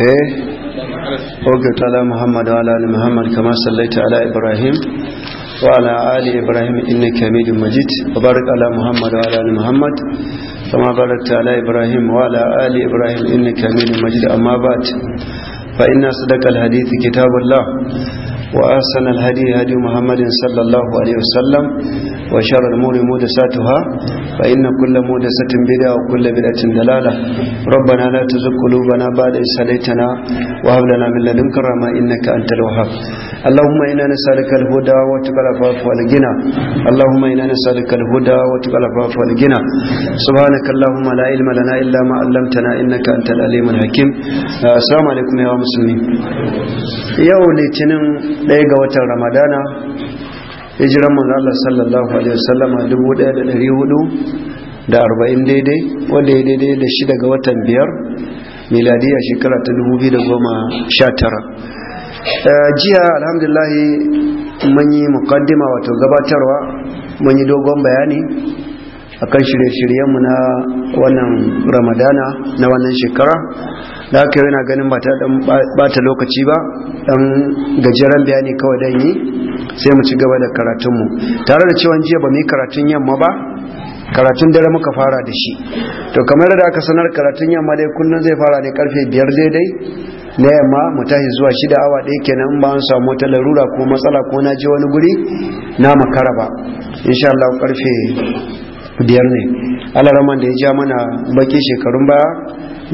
eh o gata ala muhammad wa ala ali muhammad kama sallaita ala ibrahim wa ala ali وشر الأمور مودساتها فإن كل مودسة بدعة وكل بدعة دلالة ربنا لا تزغ قلوبنا بعد إذ هديتنا وهب لنا من لدنك رحمة إنك أنت الوهاب اللهم إنا نسألك الهدى وتقى العفاف والغنى اللهم إنا نسألك الهدى وتقى العفاف والغنى سبحانك اللهم لا علم لنا إلا ما علمتنا إنك أنت العليم الحكيم السلام عليكم يا مسلمين yau litinin ɗaya ga watan ramadana hijiran manzo Allah sallallahu alaihi wasallama 1440 da daidai wanda ya daidai da shi daga watan biyar a shekara ta 2019 eh, jiya alhamdulahi mun yi mukaddima wato gabatarwa mun yi dogon bayani akan shirye-shiryenmu na wannan ramadana na wannan shekara da haka yana ganin ba ta lokaci ba dan gajeren bayani kawai dan yi sai mu ci gaba da karatun tare da cewa jiya ba mu yi karatun yamma ba karatun dare muka fara da shi to kamar da aka sanar karatun yamma dai kullun zai fara ne karfe 5 daidai na yamma mu tashi zuwa shida awa daya kenan ba an samu wata larura ko matsala ko na je wani guri na makara ba insha Allah karfe biyar ne alaraman da ya ja mana baki shekarun baya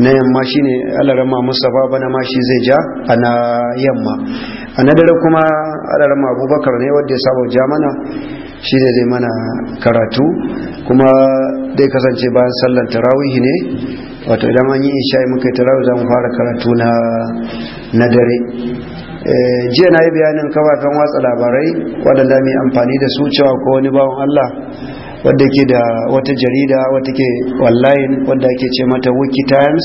na yamma shine alarama Mustapha bana ma shi zai ja a na yamma a na dare kuma alarama abubakar ne wadda ya saba ja mana shi ne zai mana karatu kuma dai kasance bayan sallar tarawihi ne wato idan an yi isha'i muka tarawih za mu fara karatu na dare eh, jiya na yi bayanin kafafen watsa labarai waɗanda mai amfani da su cewa ko wani bawan allah wadda ke da wata jarida wadda ke online wadda ke ce mata wiki times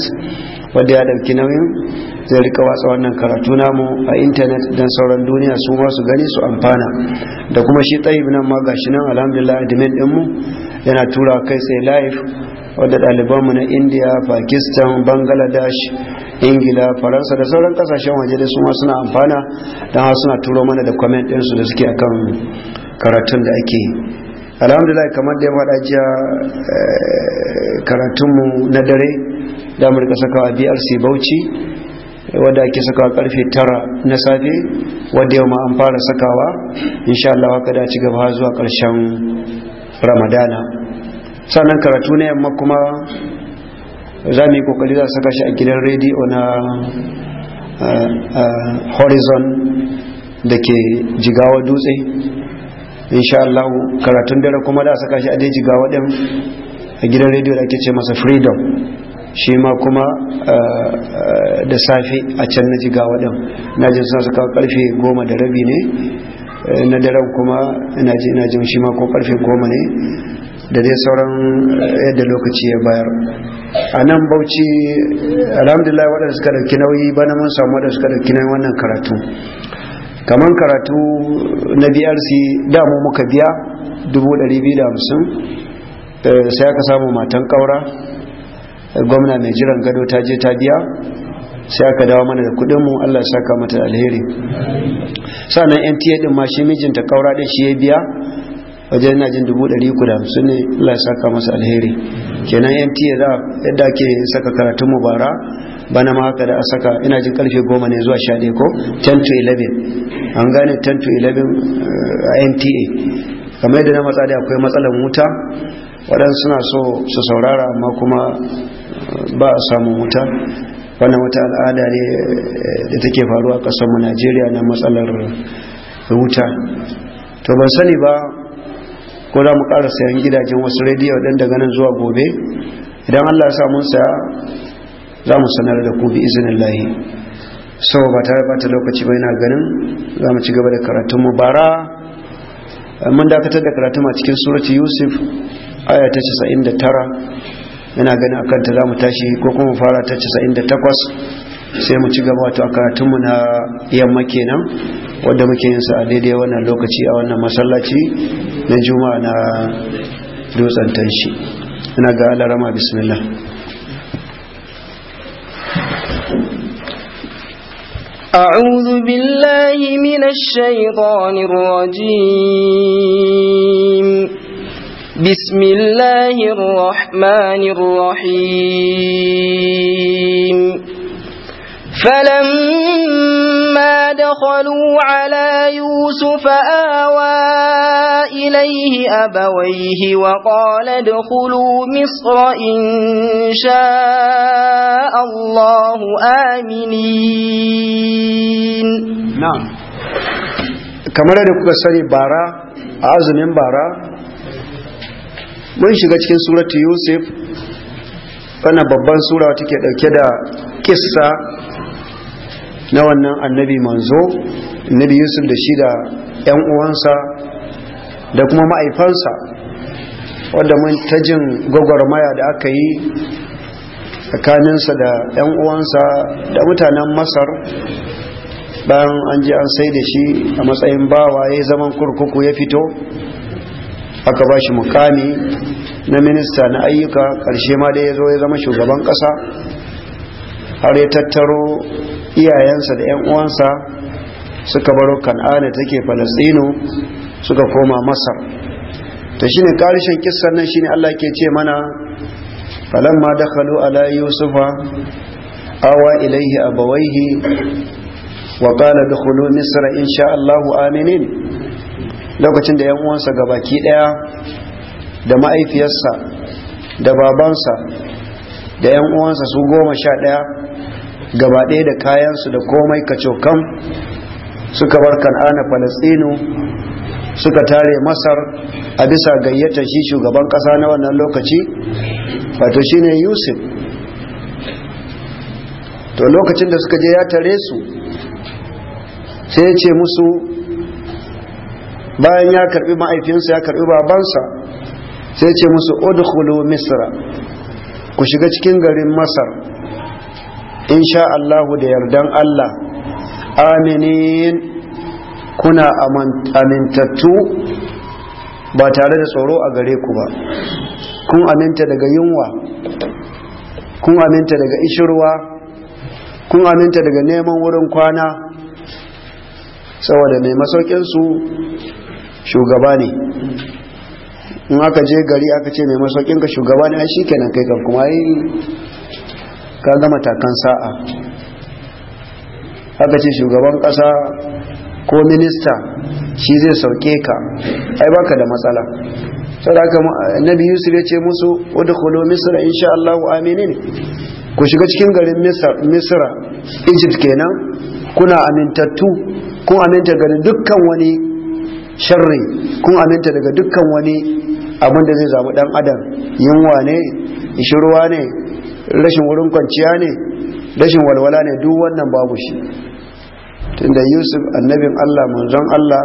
wadda ya ɗauki nauyin zai rika watsa wannan karatu namu a intanet don sauran duniya su ma su gani su amfana da kuma shi tsayib nan ma gashi nan alhamdulillah admin mu yana tura kai sai live wadda ɗalibanmu na india pakistan bangladesh ingila faransa da sauran kasashen waje da su ma suna amfana don suna turo mana da comment ɗinsu da suke akan karatun da ake alhamdulillah kamar da ya faɗa jiya eh, karatunmu na dare da mu rika sakawa drc bauchi wadda ake sakawa karfe tara na safe wadda yau ma an fara sakawa insha Allah haka da ci gaba zuwa ƙarshen ramadana sannan karatu na yamma kuma za mu yi kokari za saka shi a gidan rediyo na eh, eh, horizon da ke jigawa dutse insha Allah karatun dare kuma da saka shi a daji ga waɗin a gidan rediyo da ake ce masa freedom shi ma kuma eh, eh, da safe a can na jiga waɗin na jin suna saka karfe goma da rabi ne eh, na daren kuma ina jin shi ma ko karfe goma ne da dai sauran yadda lokaci ya bayar a nan bauchi alhamdulillah waɗanda suka ɗauki nauyi bana mun samu waɗanda suka ɗauki nauyi wannan karatu kamar karatu na brc damu muka biya 250 eh, sai aka samu matan kaura gwamna mai jiran gado ta je ta biya sai aka dawo mana da kudinmu allah ya saka mata alheri sannan tiye din ma shi mijinta kaura din shi ya biya waje yana jin dubu ɗari uku hamsin ne Allah ya saka masa alheri kenan yan tiye za yadda ake saka karatun mubara bana ma haka da asaka ina jin karfe goma ne zuwa sha ko 10 to 11 an gane 10 to 11 eh, a nta kamar yadda na matsa da akwai matsalar wuta waɗansu suna so su saurara amma kuma eh, ba a samu wuta wannan wata al'ada ne eh, da take faruwa a mu najeriya na matsalar wuta to ban sani ba ko za mu ƙara sayan gidajen wasu rediyo ɗan daga nan zuwa gobe idan allah ya sa mun saya za mu sanar da ku bi izinin lahi sau ba tare ba ta lokaci bai na ganin za mu ci gaba da karatun mu bara mun dakatar da karatun a cikin surati yusuf aya ta 99 yana ganin akan ta za mu tashi ko kuma fara ta 98 sai mu ci gaba wato a karatunmu na yamma kenan wadda muke yin sa a daidai wannan lokaci a wannan masallaci na juma'a na dutsen tashi. ina ga alarama bismillah أعوذ بالله من الشيطان الرجيم بسم الله الرحمن الرحيم فلما دخلوا على يوسف آوان إليه أبويه وقال ادخلوا مصر إن شاء الله آمنين نعم kamar da kuka sani bara a azumin bara mun shiga cikin suratu yusuf wannan babban sura wata ke dauke da kissa na wannan annabi manzo annabi yusuf da shi da 'yan uwansa da kuma ma'aifansa wadda mun ta jin gwagwarmaya da aka yi tsakaninsa da 'yan uwansa da mutanen masar bayan an ji an sai da shi a matsayin bawa ya zaman kurkuku ya fito aka ba shi mukami na minista na ayyuka ƙarshe ma da ya zo ya zama shugaban ƙasa har ya tattaro iyayensa da 'yan uwansa suka baro kan'ana take falasino suka koma masar to ne karshen kissan nan ne Allah ke ce mana ma da dakhalu ala yusufa awa ilaihi abawaihi wa qala dukhulu misra insha Allah aminin lokacin da yan uwansa gabaki daya da ma'aifiyarsa da babansa da yan uwansa su goma sha daya gaba ɗaya da kayansu da komai kacokam suka bar kan'ana falastinu suka tare masar a bisa gayyata shi shugaban kasa na wannan lokaci wato shine yusuf to lokacin da suka je ya tare su sai ce musu bayan ya karbi ma'aifinsa ya karbi babansa sai ce musu udkhulu misra ku shiga cikin garin masar insha Allahu da yardan Allah aminin kuna amintattu ba tare da tsoro a gare ku ba kun aminta daga yunwa kun aminta daga ishirwa kun aminta daga neman wurin kwana saboda mai masaukinsu shugaba ne in aka je gari aka ce mai masaukinka shugaba ne a shi kenan kai kan kuma yi ka gama takan sa'a aka ce shugaban ƙasa ko minista shi zai sauke ka ai baka da matsala saboda nabi yusuf ya ce musu udkhulu misra insha Allah aminin ku shiga cikin garin misra egypt kenan kuna amintattu kun aminta daga dukkan wani sharri kun aminta daga dukkan wani abin da zai zaɓi ɗan adam yunwa ne ishirwa ne rashin wurin kwanciya ne rashin walwala ne duk wannan babu shi tunda yusuf annabin allah manzon allah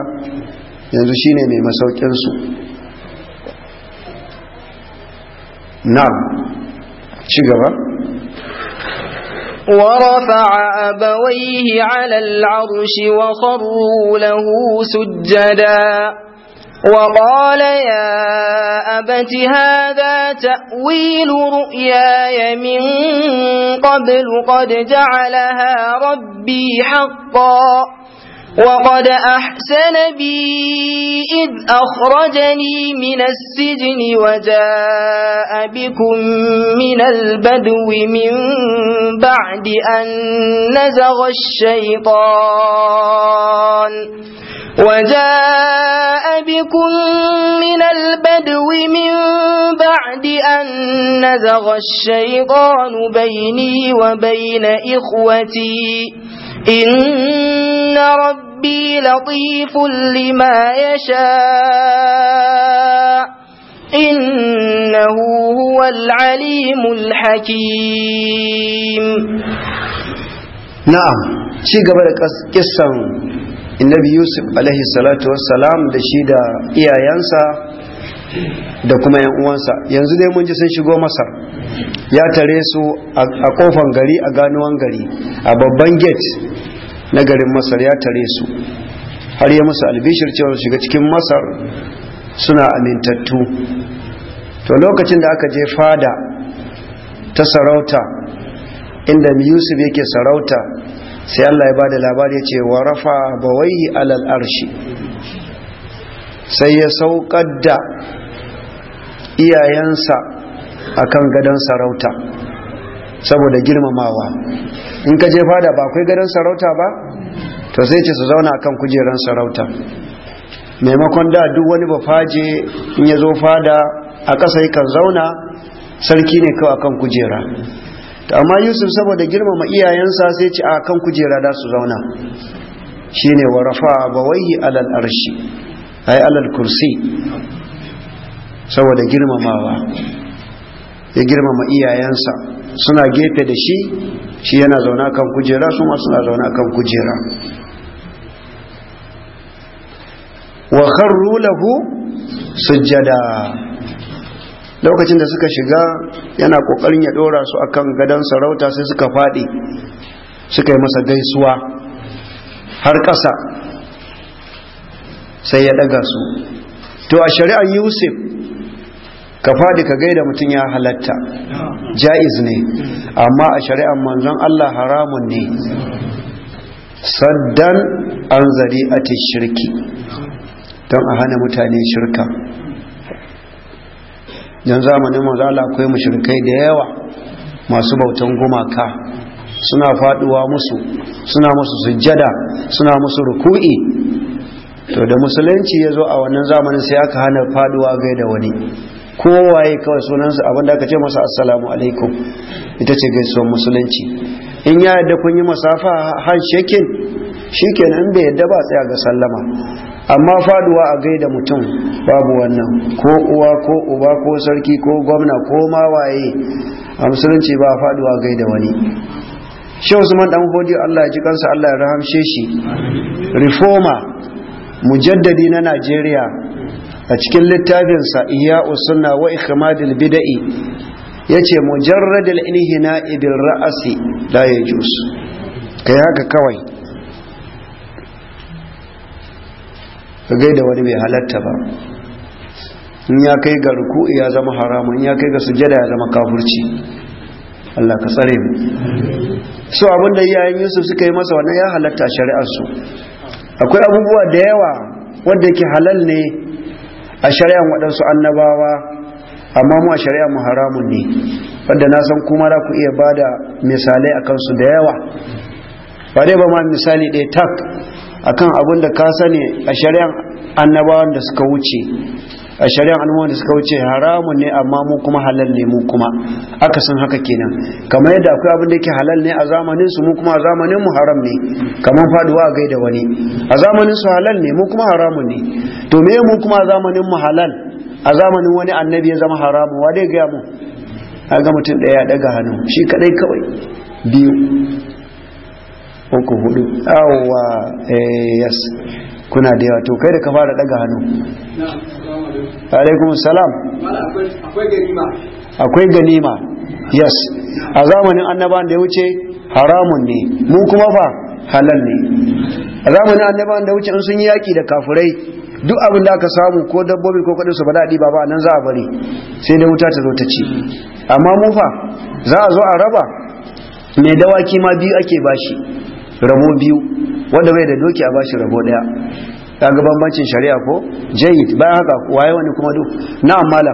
yanzu shine mai masaukinsu Na ci gaba ورفع أبويه على العرش وخروا له سجداً وقال يا أبت هذا تأويل رؤياي من قبل قد جعلها ربي حقا وقد أحسن بي إذ أخرجني من السجن وجاء بكم من البدو من بعد أن نزغ الشيطان وجاء بكم من البدو من بعد أن نزغ الشيطان بيني وبين إخوتي إن ربي لطيف لما يشاء إنه هو العليم الحكيم نعم شيء قبل قصة annabi yusuf alaihi salatu wassalam da shi da iyayensa da kuma yan uwansa yanzu dai mun ji sun shigo masar ya tare su a kofan gari a ganuwan gari a babban gate na garin masar ya tare su har ya musu albishir cewa su shiga cikin masar suna amintattu to lokacin da aka je fada ta sarauta inda yusuf yake sarauta sai Allah ya bada labari ya ce wa rafa bawai alal arshi sai ya saukar da iyayensa akan gadon sarauta saboda girmamawa in ka je fada ba akwai gadon sarauta ba to sai ce su zauna akan kujeran sarauta maimakon da duk wani ba faje in ya zo fada a ƙasa kan zauna sarki ne kawai kan kujera ta amma yusuf saboda girmama iyayensa sai ci a kan kujera da su zauna shine wa rafa wai alal arshi ai alal kursi saboda girmamawa ya girmama iyayensa suna gefe da shi shi yana zaune kan kujera su ma suna zaune kan kujera wa kharru lahu sujjada lokacin da suka shiga yana kokarin ya dora su akan gadon sarauta sai suka faɗi suka yi masa gaisuwa har ƙasa sai ya ɗaga su to a shari'ar yusuf ka faɗi ka gaida mutum ya halatta ja'iz ne amma a shari'ar manzon Allah haramun ne saddan an a shirki don a hana mutane shirka yan zamanin mu akwai mushrikai da yawa masu bautan gumaka suna faduwa musu suna musu sujjada suna musu ruku'i to da musulunci ya zo a wannan zamanin sai aka hana faduwa gai da wani kowaye kawai sunansa abinda aka ce masa assalamu alaikum ita ce gaisuwar musulunci in ya yadda kun yi masafa shekin? shikenan bai yadda ba tsaya ga sallama amma faduwa a gaida mutum babu wannan ko uwa ko uba ko sarki ko gwamna ko mawaye a musulunci ba faduwa gaida wani shi usman dan hodi Allah ya ji kansa Allah ya rahamshe shi reforma mujaddadi na Najeriya a cikin littafinsa iya usunna wa ikhmadul bid'i yace mujarradul inhina'i bil ra'si la yajuz kai haka kawai ka da wani bai halatta ba in ya kai ga ruku'i ya zama haramun in ya kai ga sujada ya zama kafurci Allah ka tsare mu so abinda iyayen Yusuf suka yi masa wannan ya halatta shari'ar su akwai abubuwa da yawa wanda yake halal ne a shari'ar waɗansu annabawa amma mu a shari'ar mu haramun ne wanda na san kuma za ku iya bada misalai akan su da yawa ba dai ba ma misali ɗaya tak akan abin da ka sani a shari'an annabawan da suka wuce a shari'an annabawan da suka wuce haramun ne amma mu kuma halal ne mu kuma aka san haka kenan kamar yadda akwai abin da yake halal ne a zamanin su mu kuma a zamanin mu haram ne kamar faduwa a gaida wani a zamanin su halal ne mu kuma haramun ne to me mu kuma a zamanin mu halal a zamanin wani annabi ya zama haramu wa dai ga mu a ga mutum daya ya hannu shi kadai kawai biyu uku hudu awwa eh, yes kuna da yawa to kai da ka fara daga hannu alaikum salam akwai ganima yes a zamanin annaban da ya wuce haramun ne mu kuma fa halal ne a zamanin annaban da wuce in sun yi yaki da kafurai duk abin da aka samu ko dabbobi ko kudin su ba daɗi ba ba nan za a bari sai dai wuta ta zo ta ci amma mu fa za a zo a raba mai dawaki ma biyu ake bashi rabo biyu wanda bai da doki a bashi rabo daya ga bambancin shari'a ko jayyid bayan haka waye wani kuma duk Na amala.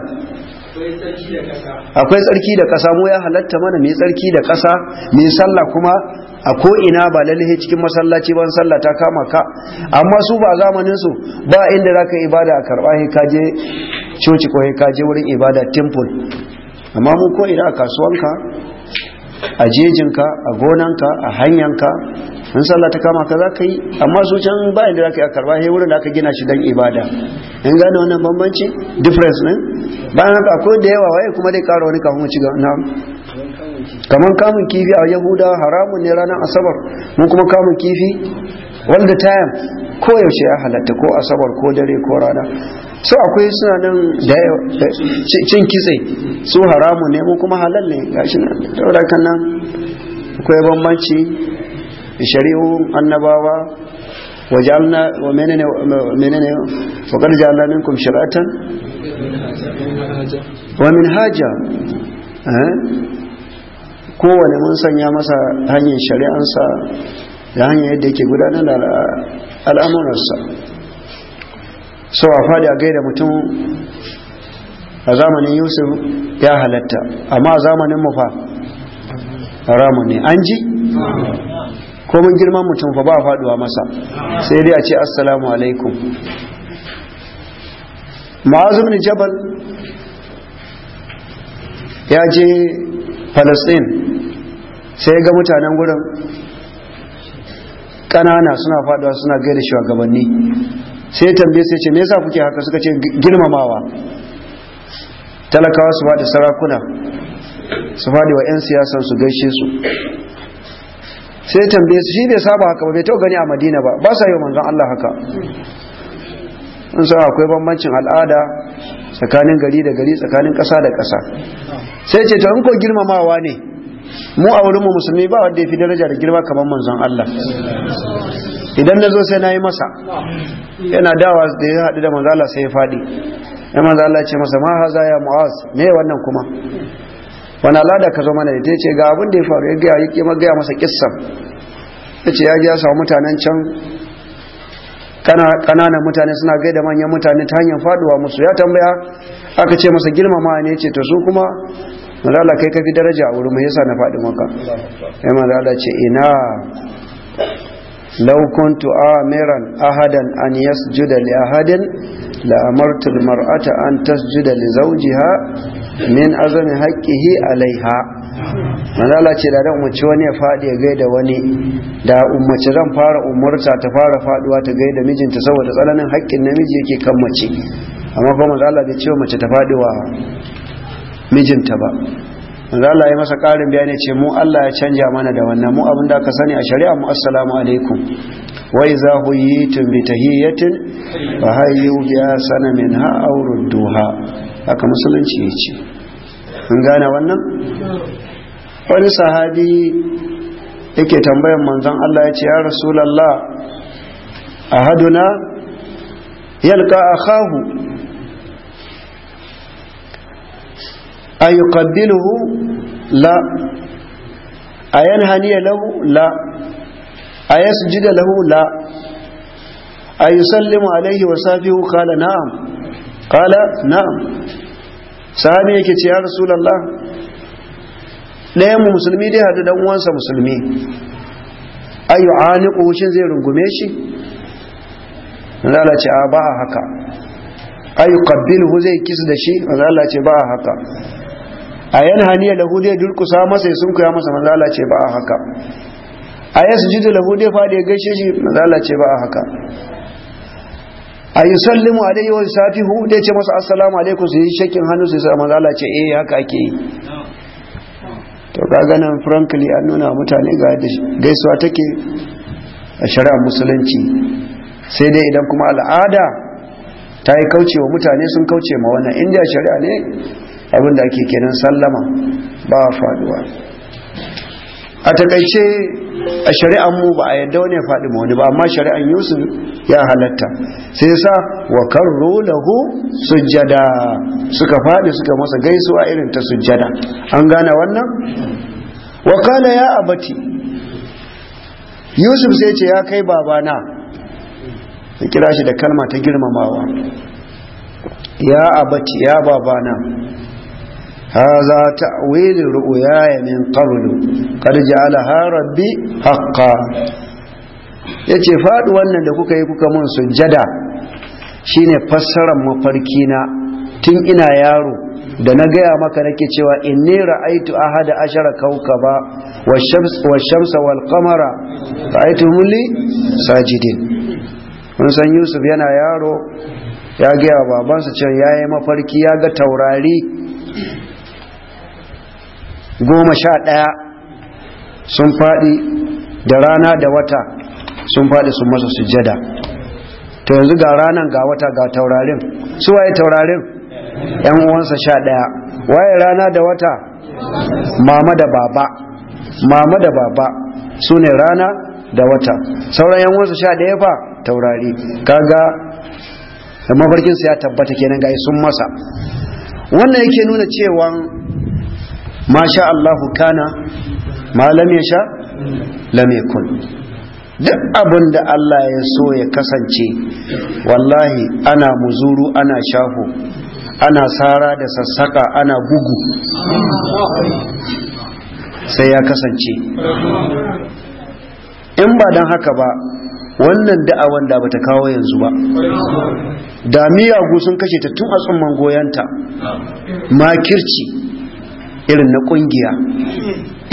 akwai tsarki da kasa mu ya halatta mana mai tsarki da kasa mai sallah kuma a ko ina ba lalle cikin masallaci ban sallah ta kama ka amma su ba zamanin su ba inda zaka ibada a karba he kaje coci ko he kaje wurin ibada temple amma mu ko ina a kasuwanka a jejinka a gonanka a hanyanka in sallah ta kama ka za ka yi amma su can bayan da za a karba sai wurin da aka gina shi don ibada in gane wannan bambanci difference ne bayan haka akwai da yawa waye kuma dai karo wani kafin ci na kamar kamun kifi a yahuda haramun ne ranar asabar mun kuma kamun kifi wanda ta yam ko yaushe ya halatta ko asabar ko dare ko rana so akwai suna nan da cin kitse su haramu ne mu kuma halal ne gashi nan daura kan nan akwai bambanci shari'u annabawa وجعلنا ومنن ومنن فقد جعلنا منكم شرعة ومنهاجا kowane mun sanya masa hanyar shari'ansa da hanyar yadda yake gudanar da al'amuransa so a faɗi a gaida mutum a zamanin yusuf ya halatta amma a zamanin mu fa ne an ji ko girman mutum fa ba faduwa masa sai dai a ce assalamu alaikum ma'azu jabal ya je palestine sai ga mutanen gudun ƙanana suna faduwa suna gaida shugabanni sai tambaye sai ce me yasa kuke haka suka ce girmamawa talakawa su faɗi sarakuna su faɗi wa 'yan siyasar su gaishe su sai tambaye su shi bai saba haka ba bai taɓa gani a madina ba ba sa yi manzon Allah haka in sa akwai bambancin al'ada tsakanin gari da gari tsakanin ƙasa da ƙasa sai ce to in ko girmamawa ne mu a wurin musulmi ba wanda ya fi daraja da girma kamar manzon Allah idan na zo sai na yi masa yana dawa da ya haɗu da manzala sai ya faɗi ya manzala ce masa ma haza ya mu'az me wannan kuma wani alada ka zo mana da ce ga abin da ya faru ya gaya ya gaya masa kissan ta ce ya gaya mutanen can kananan mutane suna gaida manyan mutane ta hanyar faduwa musu ya tambaya aka ce masa girmama ne ce to su kuma manzala kai kafi daraja a wurin mai yasa na faɗi maka ya manzala ce ina لو كنت آمرا أحدا أن يسجد لأحد لأمرت المرأة أن تسجد لزوجها من أزم حقه عليها manzo Allah ce da dan umarci wani ya faɗi ya gaida wani da umarci zan fara umarta ta fara faduwa ta gaida mijinta saboda tsananin haƙƙin namiji yake kan mace amma kuma manzo Allah bai ce mace ta faɗi wa mijinta ba manzo Allah ya masa karin bayani ce mu Allah ya canja mana da wannan mu abin da aka sani a shari'a mu assalamu alaikum wa iza huyitum bi tahiyatin fa hayyu bi asana ha aw rudduha haka musulunci yace kun gane wannan wani sahabi yake tambayan manzon Allah yace ya rasulullah ahaduna yalqa akahu Ayu a la a yanhaniya lahu la a yasjida lahu la a yusallimu alaihi wa safihu kala na'am kala na'am sahabi yake ce ya rasulullah ɗayan mu musulmi dai hadu dan uwansa musulmi ayu aniqu shin zai rungume shi ce a ba haka ayu qabbilu zai kisa da shi ce ba haka a yanhaniya lahu zai durkusa masa ya sunkuya masa mazala ce ba a haka a yasjudu lahu zai fadi ya gaishe shi mazala ce ba a haka a yi sallimu a dai yawan safi hudu ce masa assalamu alaikum su yi shakin hannu su yi sa mazala ce eh haka ake yi to ga nan frankly an nuna mutane ga gaisuwa take a shari'ar musulunci sai dai idan kuma al'ada ta yi kauce wa mutane sun kauce ma wannan inda shari'a ne abinda ake kenan sallama ba faduwa a takaice a shari'an mu ba a yadda wani ya faɗi ma wani ba amma shari'an yusuf ya halatta sai sa wa karro lahu sujjada suka faɗi suka masa gaisuwa irin ta sujjada an gane wannan wa kana ya abati yusuf sai ce ya kai babana ya kira shi da kalma ta girmamawa ya abati ya babana هذا تأويل رؤياي من قبل قد جعلها ربي حقا yace وانا wannan da kuka yi kuka mun sujjada shine fassarar mafarkina tun ina yaro da na gaya maka nake cewa inni ra'aitu ahada ashara kaukaba wa shamsa wal qamara ra'aitu mulli sajidin mun san Yusuf yana yaro ya gaya babansa cewa yayi mafarki ya ga taurari goma sha ɗaya sun faɗi da rana da wata sun faɗi sun masa sujjada ta yanzu ga ranan ga wata ga taurarin su waye taurarin yan uwansa sha ɗaya waye rana da wata mama da baba mama da baba su ne rana da wata sauran yan uwansa sha ɗaya fa taurari kaga mafarkinsa ya tabbata kenan ga sun masa wannan yake nuna cewa ma sha Allahu kana ma lam yasha lam yakun duk abin da Allah ya so ya kasance wallahi ana muzuru ana shafo, ana sara da sassaka ana gugu sai ya kasance in ba don haka ba wannan da'awan da bata kawo yanzu ba da miyagu sun kashe ta tun a tsumman goyanta makirci irin na kungiya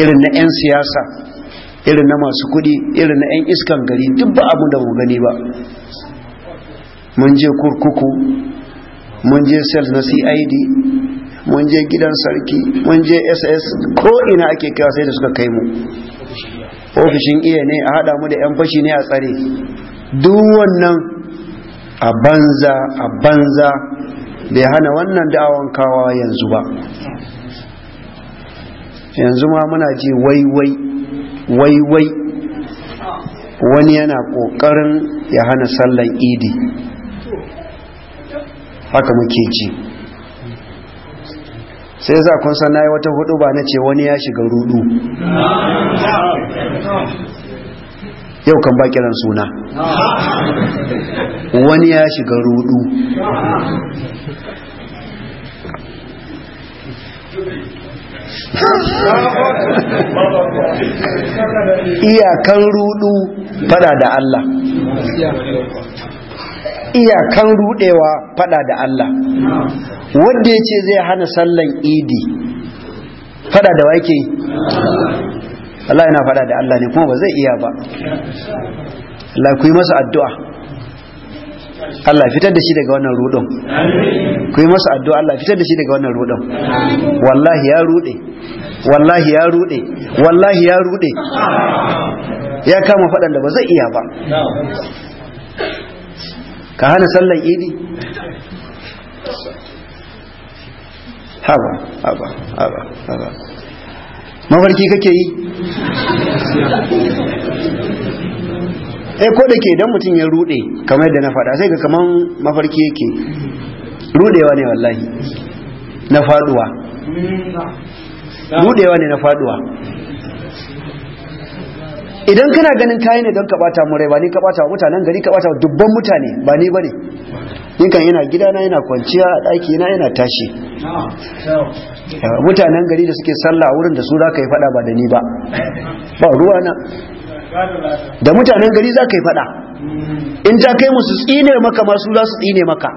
irin na 'yan siyasa irin na masu kudi irin na 'yan iskan gari duk ba abu da mu gani ba mun je kurkuku mun je sel na cid mun je gidan sarki mun je ss ko ina ake kawo sai da suka kai mu ofishin iya e ne a hada mu da 'yan fashi ne a tsare duk wannan a banza a banza bai hana wannan da'awan kawawa yanzu ba yanzu ma muna ji waiwai waiwai wani yana ƙoƙarin ya hana sallan idi haka muke ji sai za kun san nayi wata hudu ba na ce wani ya shiga rudu yau kan ba kiran suna wani ya shiga rudu iyakan rudu fada da Allah iyakan rudewa fada da Allah wanda yace zai hana sallan idi fada da wake Allah yana fada da Allah ne kuma ba zai iya ba Allah ku yi masa addu'a Allah fitar da shi daga wannan rudon ku yi masa addu'a Allah fitar da shi daga wannan rudon wallahi ya rude wallahi ya rude wallahi ya rude ya kama faɗan da ba zai iya ba ka hana sallan idi haba haba haba haba mafarki kake yi eh ko da ke idan mutum ya rude kamar yadda na faɗa sai ga kaman mafarki yake rudewa ne wallahi na faduwa rudewa ne na faduwa idan kana ganin kayi ne don ka bata mu rai ba ni ka bata mutanen gari ka bata dubban mutane ba ni bane ni kan yana gidana yana kwanciya a ɗaki na yana tashi mutanen gari da suke sallah wurin da su za ka yi fada ba da ni ba ba ruwa na da mutanen gari za ka yi fada hmm. in ja kai musu tsine maka masu za su tsine maka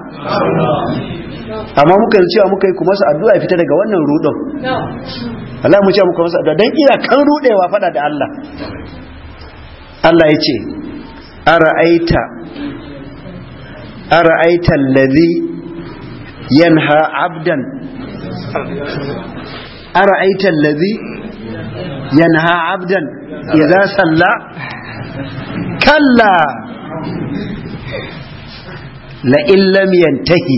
amma muka yi cewa muka yi kuma su addu'a ya fita daga wannan rudon Allah mu ce muka masa addu'a don ira kan rudewa fada da Allah Allah ya ce ara'aita ara'aita allazi yanha abdan ara'aita yanha abdan idza salla kalla la illam yantahi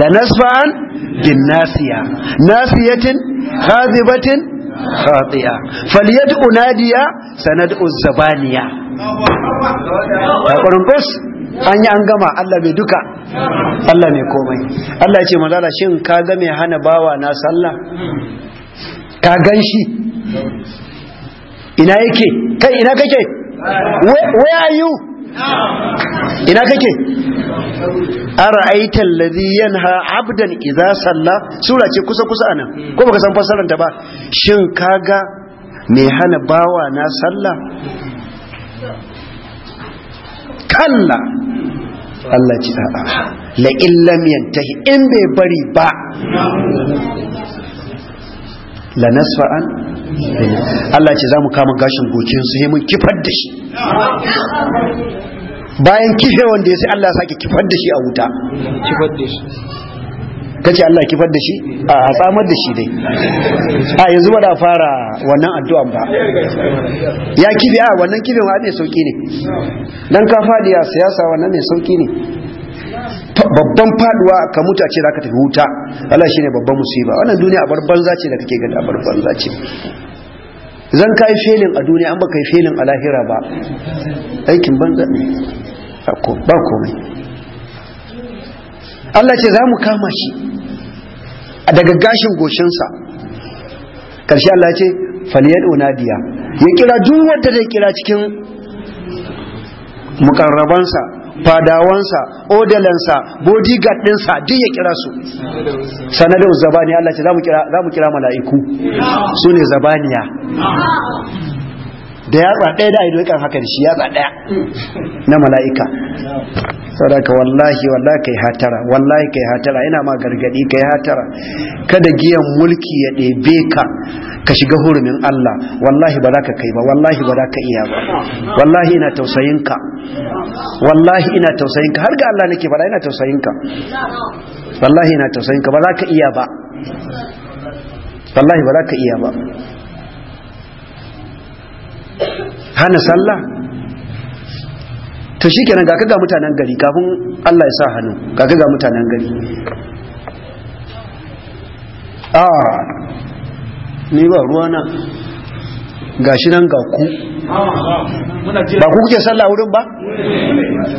la nasfa'an bin nasiya nasiyatin khadibatin khati'a falyad'u nadiya sanad'u zabaniya ta an yi an gama Allah mai duka Allah mai komai Allah ce mazala shin ka ga mai hana bawa na sallah ka gan shi ina yake kai ina kake where are you ina kake ara'aita alladhi yanha 'abdan idza salla sura ce kusa kusa anan ko baka san fassarar ta ba shin kaga me hana bawa na sallah kalla Allah ci a'a la illam yantahi in bai bari ba la nasfa'an Allah ce za mu kama gashin gokin su mun kifar da shi bayan kife wanda ya sai Allah sake kifar da shi a wuta kifar da shi kace Allah kifar da shi a tsamar da shi dai a yanzu ba da fara wannan addu'an ba ya kife a wannan kife wa mai sauki ne dan ka fadi a siyasa wannan mai sauki ne babban faduwa ka mutu a ce za ka tafi huta Allah shi ne babban musiba wannan duniya abar banza ce da kake gani abar banza ce zan kai felin a duniya an ba yi felin a lahira ba aikin banza ne ba komai Allah ce za mu kama shi daga gashin goshinsa ƙarshe Allah ce faliyar unadiya ya kira duk wanda zai kira cikin mukarrabansa fadawansa odalansa bodyguard ɗinsa duk ya kira su sanadar zabaniya Allah ce za mu kira mala'iku su ne zabaniya da yatsa ɗaya da ido kan haka da shi yatsa ɗaya na mala'ika sadaka wallahi wallahi kai hatara wallahi kai hatara ina ma gargadi kai hatara kada giyan mulki ya ɗebe ka ka shiga hurumin Allah wallahi ba za ka kai ba wallahi ba za ka iya ba wallahi ina tausayin ka wallahi ina tausayin ka har ga Allah nake faɗa ina tausayin ka wallahi ina tausayin ka ba za ka iya ba wallahi ba za ka iya ba hana sallah to shikenan ga kaga mutanen gari kafin Allah ya sa hannu ga kaga mutanen gari a ni ba ruwa ga gashi nan ga ku ba ku kuke sallah wurin ba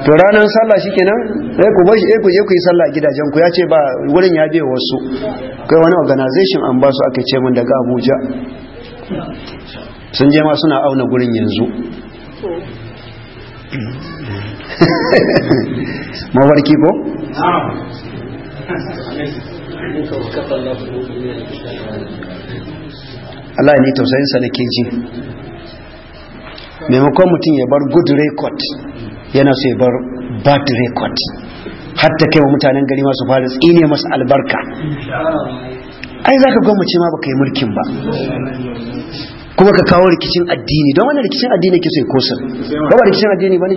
to ranar sallah shikenan sai eh, ku bashi eh, ku je ku yi sallah gidajen ku ya ce ba wurin ya biya wasu kai wani organization an ba su aka ce min daga Abuja sun je ma suna auna gurin yanzu mawarki ko? Allah ya ne tausayinsa na keji maimakon mutum ya bar good record yana so ya bar bad record hatta kai wa mutanen gari masu fara tsine masu albarka ai za ka gwamnati ma baka yi mulkin ba kuma ka kawo rikicin addini don wani rikicin addini ke sai kosa ba ba rikicin addini ba ne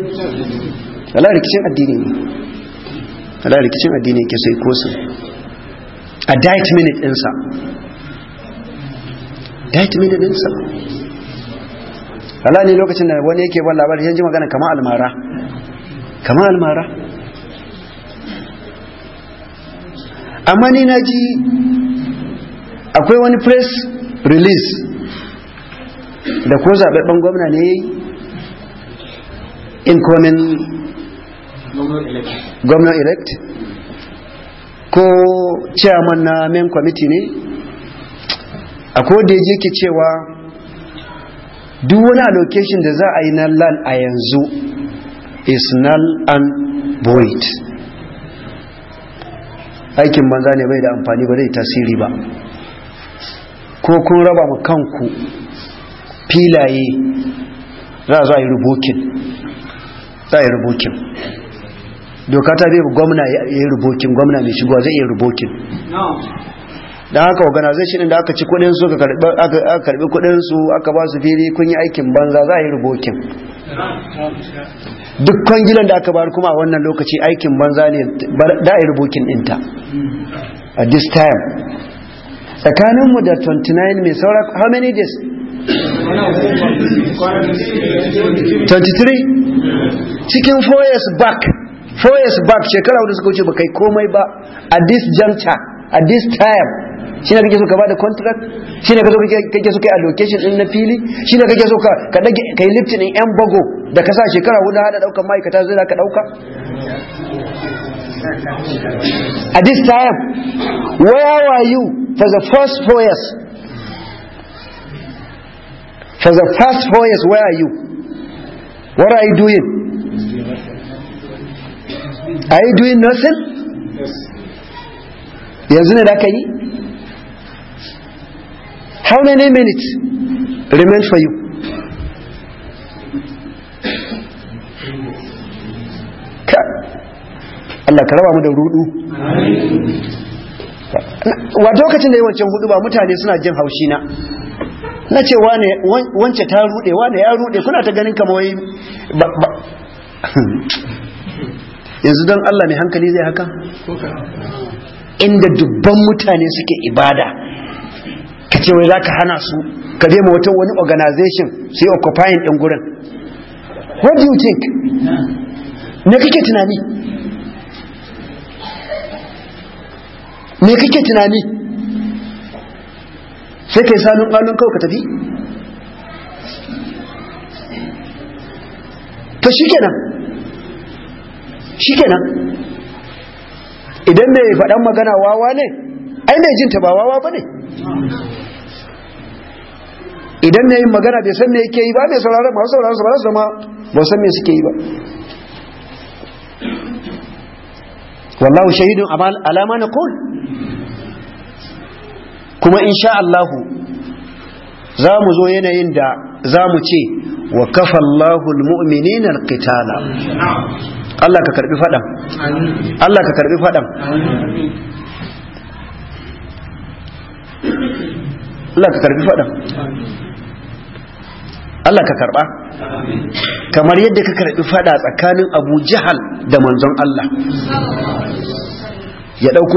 ala rikicin addini ne ala rikicin addini ke sai kosa a diet minute ɗinsa diet minute ɗinsa ala ne lokacin da wani yake ban labarin yanzu magana kama almara kama almara amma ni na ji akwai wani press release da ko zaɓaɓɓen gwamna ne incoming gwamna elect ko chairman na main committee ne a da ya ke cewa duk wani allocation da za a yi na land a yanzu is null and void aikin banza ne bai da amfani ba zai tasiri ba ko kun raba mu kanku filaye za a yi rubokin za a yi rubokin doka ta biyu gwamna ya yi rubokin gwamna mai shigowa zai yi rubokin don haka organization da aka ci kudinsu aka karbi kudinsu aka ba su fili kun yi aikin banza za a yi rubokin dukkan gidan da aka bar kuma a wannan lokaci aikin banza ne da a yi rubokin dinta at this time tsakaninmu da 29 mai saura how many days 23 cikin 4 years back 4 years back shekara wadda suka wuce ba kai komai ba at this juncture at this time shi ne kake so ka bada contract shi ne kake so kai allocation din na fili shi ne kake so ka dage kai lifting din yan bago da ka sa shekara hudu hada daukan ma'aikata zai da ka dauka at this time where were you for the first four years For the first four years, where are you? What are you doing? Are you doing nothing? Yanzu ne da ka yi? How many minutes remain for you? Allah ka raba mu da rudu. Wa lokacin da yawancin hudu ba mutane suna jin haushi na. na ce wane wance ta rude wane ya rude kuna ta ganin kamar wai yanzu don Allah mai hankali zai haka inda dubban mutane suke ibada ka ce wai za ka hana su ka zai wata wani organization su yi occupying ɗin gurin what do you think me kake tunani me kake tunani sai yi sanin alon kawai ka tafi to shikenan shikenan idan mai faɗan magana wawa ne ai mai jinta ba wawa ba ne idan mai magana bai san me ke yi ba mai sauraron masu sauraron su ba su zama ba san me suke yi ba wallahu shahidun alama na kowai kuma insha Allahu za mu zo yanayin da za mu ce wa kafa Allahul mu'minin alƙitala Allah ka karbi faɗan Allah ka karbi faɗan Allah ka karbi faɗan Allah ka karba kamar yadda ka karbi fada tsakanin Abu Jahal da manzon Allah ya ɗauko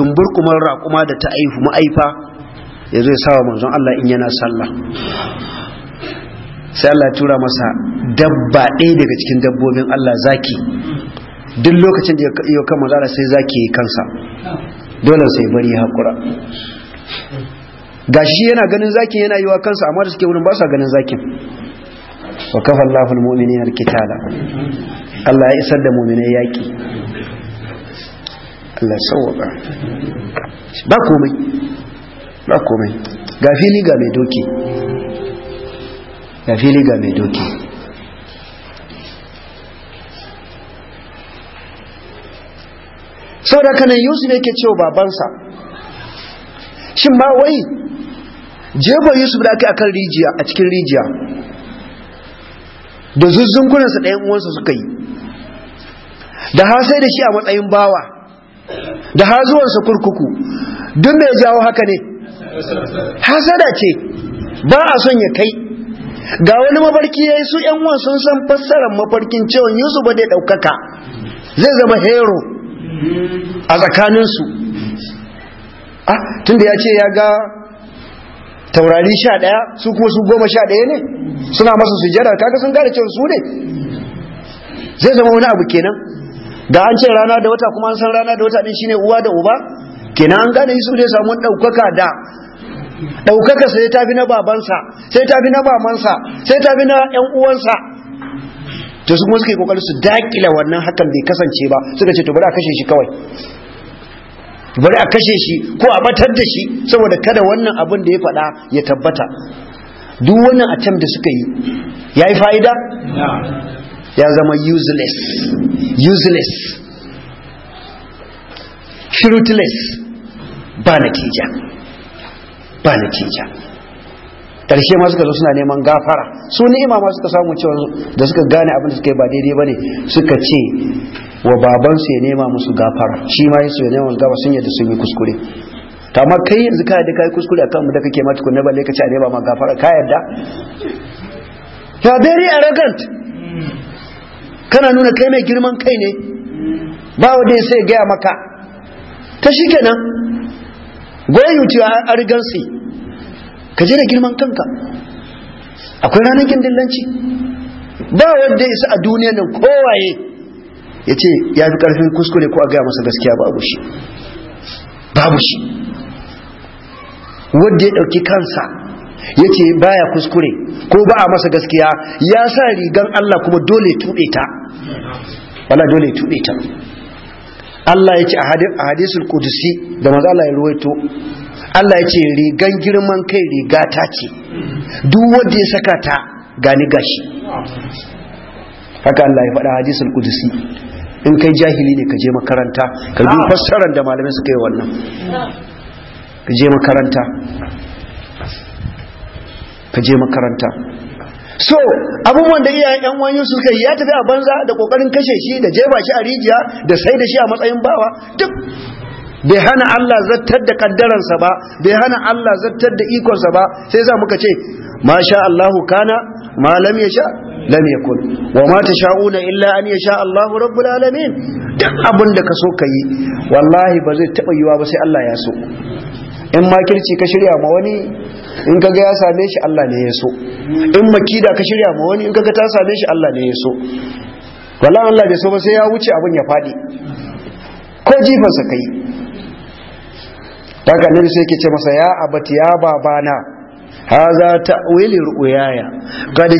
tumburkumar raƙuma da ta aifu ma'aifa ya zai sawa manzon Allah in yana sallah sai Allah ya tura masa dabba ɗaya daga cikin dabbobin Allah zaki duk lokacin da ya kama zara sai zaki yi kansa dole sai bari haƙura gashi yana ganin zaki yana yi wa kansa amma da suke wurin ba sa ganin zakin wa kafa Allahul mu'minina alkitala Allah ya isar da mu'minai yaƙi. Allah sauwaka ba komai ba komai ga fili ga mai doki ga fili ga mai doki sau da kanan yusuf yake cewa babansa shin ma wai jefa yusuf da aka kan rijiya a cikin rijiya da zuzzunkunansa ɗayan uwansa suka yi da har sai da shi a matsayin bawa da hazuwansa kurkuku duk mai jawo haka ne hasada ce ba a son ya kai ga wani mafarki ya yi su yan wan sun san fassarar mafarkin cewa yusuf ba dai ɗaukaka zai zama hero a tsakaninsu ah tunda ya ce ya ga taurari sha ɗaya su kuma su goma sha ɗaya ne suna masa sujada kaga sun gane cewa su ne zai zama wani abu kenan da an ce rana da wata kuma an san rana da wata din shine uwa da uba kenan an gane Yusuf zai samu daukaka da daukaka sai ta fi na babansa sai ta fi na mamansa sai ta fi na yan uwansa to su kuma suke kokarin su dakila wannan hakan bai kasance ba suka ce to bari a kashe shi kawai bari a kashe shi ko a batar da shi saboda kada wannan abin da ya faɗa ya tabbata duk wannan can da suka yi yayi fa'ida ya zama useless useless fruitless ba natija ba natija ƙarshe ma suka zo suna neman gafara su ni'ima ma suka samu cewa da suka gane abin da suka yi ba daidai ba ne suka ce wa babansu ya nema musu gafara shi ma su ya nema gafara sun yadda sun yi kuskure kama kai yanzu ka yadda kai kuskure akan mu da kake ma tukunna balle ka ci a nema ma gafara ka yadda you are very arrogant kana nuna kai mai girman kai ne ba wanda ya sai gaya maka ta shi kenan goyon yuci a rigansi ka je da girman kanka akwai ranar gindillanci ba wanda ya sa a duniya nan kowaye ya ce ya fi ƙarfin kuskure ko a gaya masa gaskiya babu shi babu shi wanda ya ɗauki kansa ya ce baya kuskure ko ba a masa gaskiya ya sa rigan Allah kuma dole tuɓe ta wala dole tuɓe ta Allah ya ce a hadisul kudusi da maza Allah ya ruwaito Allah ya ce rigan girman kai riga ta ce duk wanda ya saka ta gani gashi haka Allah ya faɗa hadisul kudusi in kai jahili ne ka je makaranta ka bi fassarar da malamai suka yi wannan ka je makaranta ka je makaranta so abubuwan da iyayen yan wani suka yi ya tafi a banza da kokarin kashe shi da jefa shi a rijiya da sai da shi a matsayin bawa duk bai hana Allah zartar da kaddaransa ba bai hana Allah zartar da ikonsa ba sai za muka ce masha Allah kana ma lam yasha lam kun. wa ma tasha'una illa an yasha Allah rabbul alamin duk abin da ka so ka yi wallahi ba zai taba yiwa ba sai Allah ya so in makirci ka shirya ma wani in kaga ya same shi Allah ne ya so in makida ka shirya ma wani in kaga ta same shi Allah ne ya so wallahi Allah bai so ba sai ya wuce abin ya fadi ko sa kai daga nan sai yake ce masa ya abati ya babana haza ta'wili ru'yaya qad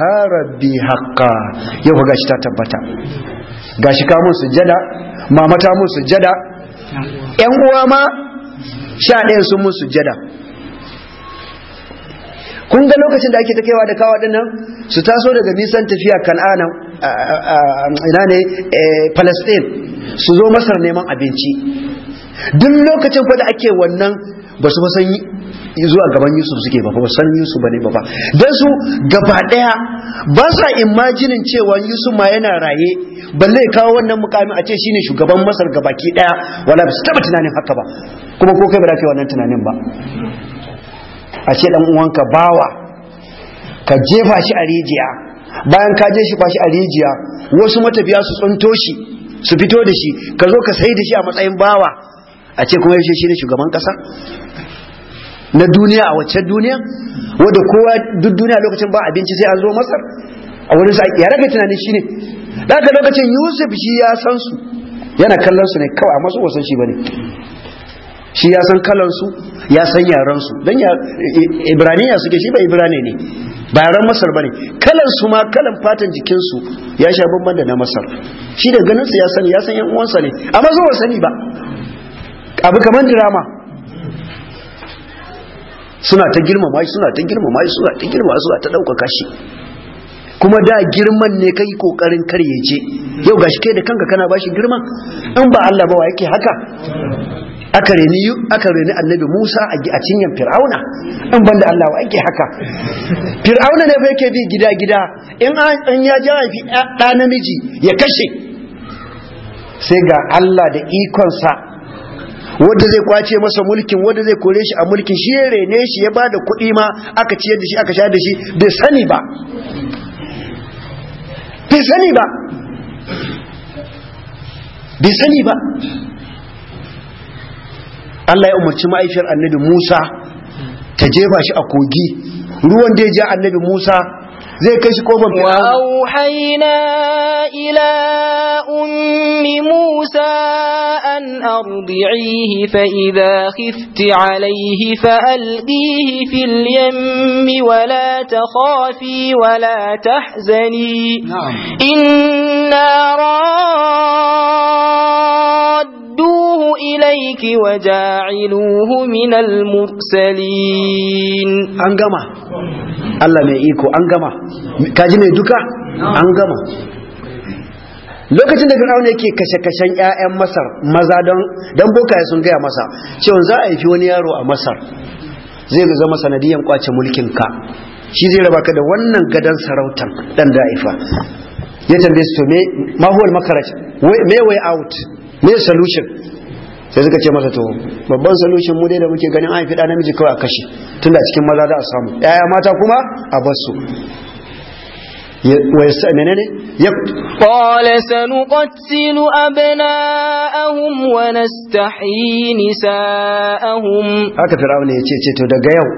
ha rabbi haqqan yau gashi ta tabbata gashi ka mun sujjada mama ta mun sujjada yan uwa ma sha ɗaya sun mun sujada. kun ga lokacin da ake ta kaiwa da kawa dinnan su taso daga nisan tafiya kan'ana ina ne eh, palestine su zo masar neman abinci duk lokacin fa da ake wannan ba su san zuwa gaban yusuf suke ba ba san yusuf ba ne ba don su gaba daya ba sa imajinin cewa yusuf ma yana raye balle kawo wannan mukamin a ce shine shugaban masar gabaki daya wala ba su taba tunanin haka ba kuma ko kai ba za wannan tunanin ba a ce dan uwanka bawa ka jefa shi a rijiya bayan ka je shi fashi a rijiya wasu matafiya su tsunto shi su fito da shi ka zo ka sai da shi a matsayin bawa a ce kuma yaushe shi ne shugaban kasa na duniya a wacce duniya wadda kowa duk duniya lokacin ba abinci sai an zo masar a wurin sa ya raka tunanin shi ne da lokacin yusuf shi ya san su yana kallon su ne kawai amma su wasan shi ba ne shi ya san kalansu ya san yarensu don ibraniya suke shi ba ibrani ne ba yaran masar ba ne kalansu ma kalan fatan jikinsu ya sha babban da na masar shi da ganinsu ya sani ya san yan uwansa ne amma zuwa sani ba abu kamar dirama suna ta girma mai suna ta girma mai suna ta girma suna ta ɗaukaka shi kuma da girman ne kai kokarin karyace yau gashi kai da kanka kana bashi girman in ba Allah ba wa yake haka aka reni aka reni annabi Musa a cinyan Fir'auna in banda Allah wa yake haka Fir'auna ne fa yake bi gida gida in an ya ja fi da namiji ya kashe sai ga Allah da ikon sa wanda zai kwace masa mulkin wanda zai kore shi a mulkin shi ya rene shi ya bada kuɗi ma aka ciyar da shi aka sha da shi bai sani ba bai sani ba bai sani ba Allah ya umarci ma'aifiyar annabi Musa ta jefa shi a kogi ruwan da ya ja annabi Musa zai kai shi kofar fir'auna wa auhayna ila ummi musa an ardi'ihi fa idha khifti alayhi fa alqihi fil yammi wa la takhafi wa la tahzani inna rad ردوه إليك وجعلوه من المرسلين an gama Allah mai iko an gama kaji mai duka an gama lokacin da fir'auna yake kashe-kashen 'ya'yan masar maza don dan ya sun gaya masa cewa za a haifi wani yaro a masar zai zama sanadiyan kwace mulkin ka shi zai raba ka da wannan gadan sarautan dan da'ifa ya tambaye su to me ma huwal makaraj me way out me solution sai suka ce masa to babban solution mu dai da muke ganin an fi da namiji kawai a kashe tunda cikin maza za a samu yaya mata kuma a basu sanuqtilu abna'ahum wa ونستحيي nisa'ahum haka firawun ya ce to daga yau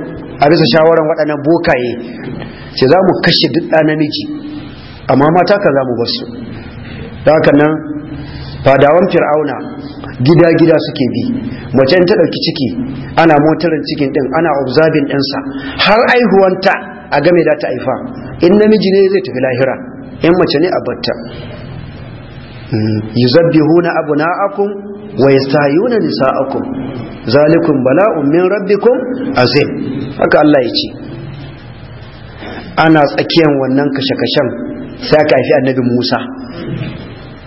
a bisa shawaran waɗannan bokaye ce za mu kashe duk ɗa namiji amma mata ka za mu basu da haka nan fadawan fir'auna gida gida suke bi mace ta ɗauki ciki ana motarin cikin ɗin ana obzabin ɗinsa har aihuwanta a game da ta haifa in namiji ne zai tafi lahira in mace ne a batta hmm. na abna'akum wa yastahiyuna nisa'akum zalikun bala'un min a azim haka Allah ya ce ana tsakiyar wannan kashe-kashen sai ka haifi annabi Musa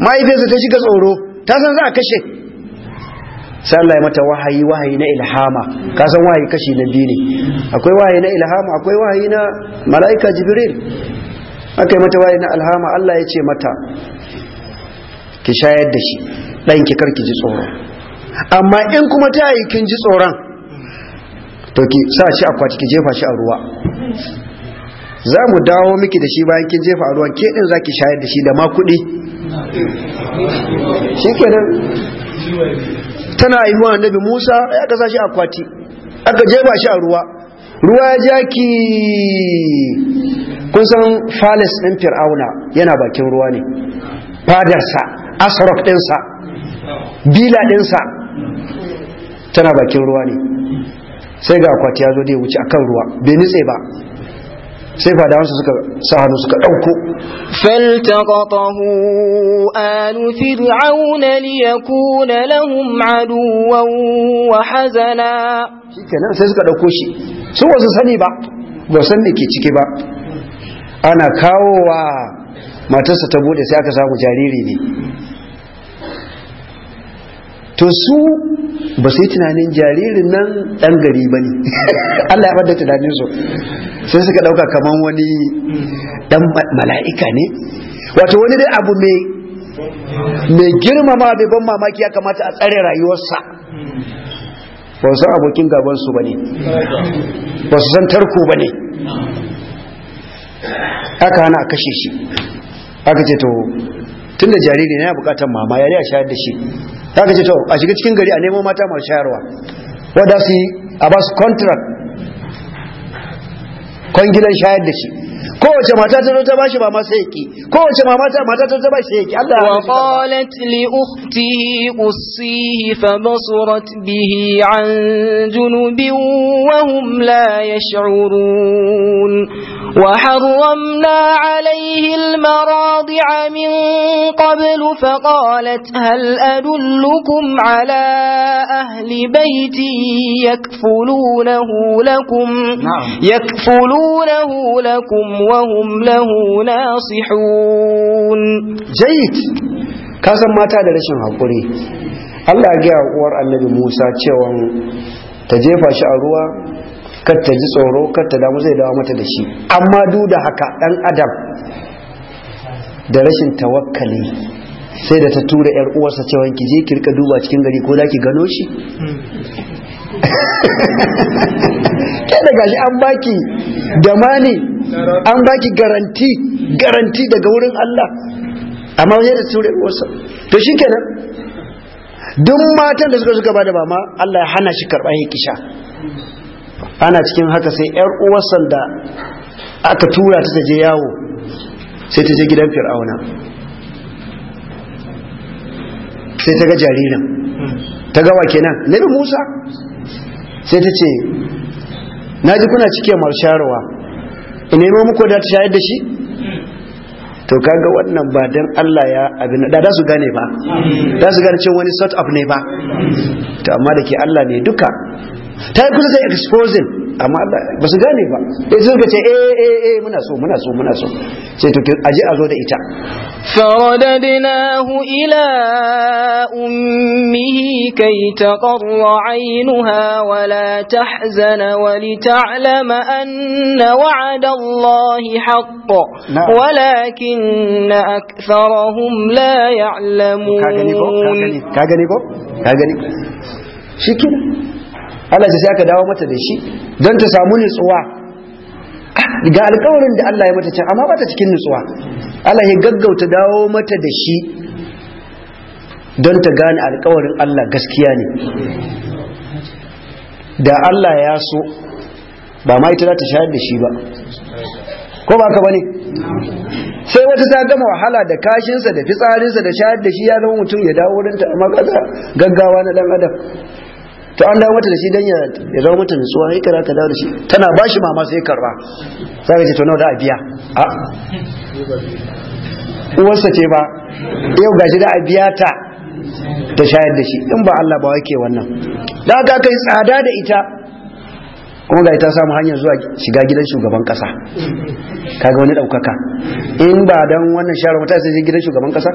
mahaifiyarsa ta shiga tsoro ta san za a kashe sallah ya mata wahayi wahayi na ilhama ka san wahayi kashi na biyu ne akwai wahayi na ilhama akwai wahayi na mala'ika jibril aka yi mata wahayi na alhama Allah ya ce mata ki shayar da shi ɗan ki karki ji tsoro amma in kuma ta yi kin ji tsoron to ki sa shi akwati ki jefa shi a ruwa za mu dawo miki da shi bayan kin jefa a ruwan ke din ki shayar da shi da ma kuɗi shi kenan tana haihuwa annabi musa ya kasa shi akwati aka jeba shi a ruwa ruwa ya jaki kun san falis ɗin fir'auna yana bakin ruwa ne fadarsa asarok ɗinsa bila ɗinsa tana bakin ruwa ne sai ga akwati ya zo da ya wuce akan ruwa bai nutse ba sai wasu suka sa hannu suka ɗauko فالتقطه آل فرعون ليكون لهم عدوا hazana. shikenan sai suka ɗauko shi su wasu sani ba ba san me ke ciki ba ana kawowa matarsa ta bude sai aka samu jariri ne to su ba sai tunanin jaririn nan ɗan gari ba ne Allah ya bada tunanin su sai suka dauka kaman wani dan mala'ika ne wato wani dai abu mai mai girmama bai ban mamaki ya kamata a tsare rayuwarsa ba su abokin gaban su bane ba su san tarko bane aka hana a kashe shi aka ce to tun da jariri ne ya bukatar mama yare a shayar da shi aka ce to a shiga cikin gari a nemo mata masu shayarwa wadda su a ba su contract kwangilan shayar da shi kowace mata ta zo ta bashi ba ma sai ki kowace mama ta mata ta zo ta bashi sai ki Allah wa qalat li ukhti qussihi fa basurat bihi an junubin wa hum la yash'urun wa harramna alayhi al-maradi'a min qablu fa qalat hal adullukum ala ahli bayti yakfulunahu lakum yakfulunahu lakum وهم له ناصحون جيد كاسم ما تعدل شن حقوري Allah ya gaya uwar annabi Musa cewa ta jefa shi a ruwa kar ta ji tsoro kar ta damu zai dawo mata da shi amma duk da haka dan adam da rashin tawakkali sai da ta tura yar uwarsa cewa ki je ki rika duba cikin gari ko za ki gano shi kai daga shi an baki da mani an baki garanti garanti daga wurin Allah amma wani da tsure wasa to shi kenan duk matan da suka suka bada ma Allah ya hana shi karɓar hikisha ana cikin haka sai yar uwarsan da aka tura ta je yawo sai ta je gidan fir'auna sai ta ga jaririn ta gawa kenan nabi musa sai ta ce na ji kuna cike mar sharuwa ina yi muku da ta shayar da shi to kaga wannan ba dan Allah ya abin da da su gane ba da su gane cewa wani sort of ne ba to amma da Allah ne duka ta yi kusa exposing amma ba su gane ba sai suka ce eh, eh eh eh muna so muna so muna so sai to aje a zo da ita faradadnahu ila ummihi kai taqarra aynuha wa la tahzana wa li ta'lama anna wa'ada allahi haqq walakin aktharahum la ya'lamun ka gani ko ka gani ko ka gani shi Allah sai aka dawo mata da shi don ta samu nutsuwa ah, ga alkawarin da Allah ya mata can amma bata cikin nutsuwa Allah ya gaggauta dawo mata da shi don ta gane alkawarin Allah gaskiya ne da Allah ya so ba ma ita za ta shayar da shi ba ko ba ka bane sai wata ta gama wahala da kashinsa da fitsarinsa da shayar da shi ya zama mutum ya dawo wurinta amma kaza gaggawa na dan adam to an dawo mata da shi dan ya zama mata nutsuwa sai kira ka dawo da shi tana ba shi mama sai karba sai ka ce to nawa da a biya a uwarsa ce ba yau gashi da a biya ta ta shayar da shi in ba Allah ba wake wannan da aka kai tsada da ita kuma ga ta samu hanyar zuwa shiga gidan shugaban kasa kaga wani daukaka in ba dan wannan share mata sai gidan shugaban kasa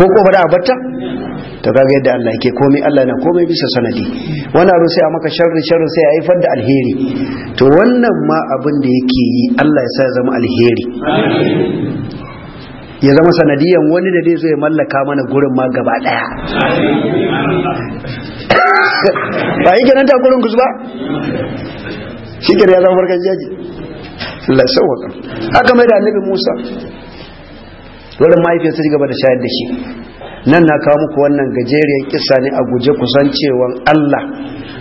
ko ko ba da abatta to kaga yadda Allah yake komai Allah na komai bisa sanadi wani abu sai a maka sharri sharri sai a haifar da alheri to wannan ma abin da yake yi Allah ya sa ya zama alheri ya zama sanadiyan wani da zai zo ya mallaka mana gurin ma gaba daya ba yi kenan takurin kusa ba shi ya zama farkon jaji Allah ya sauwaka aka mai da annabi Musa wurin mahaifiyarsa ci gaba da shayar da shi nan na kawo muku wannan gajeriyar kisa ne a guje kusancewan Allah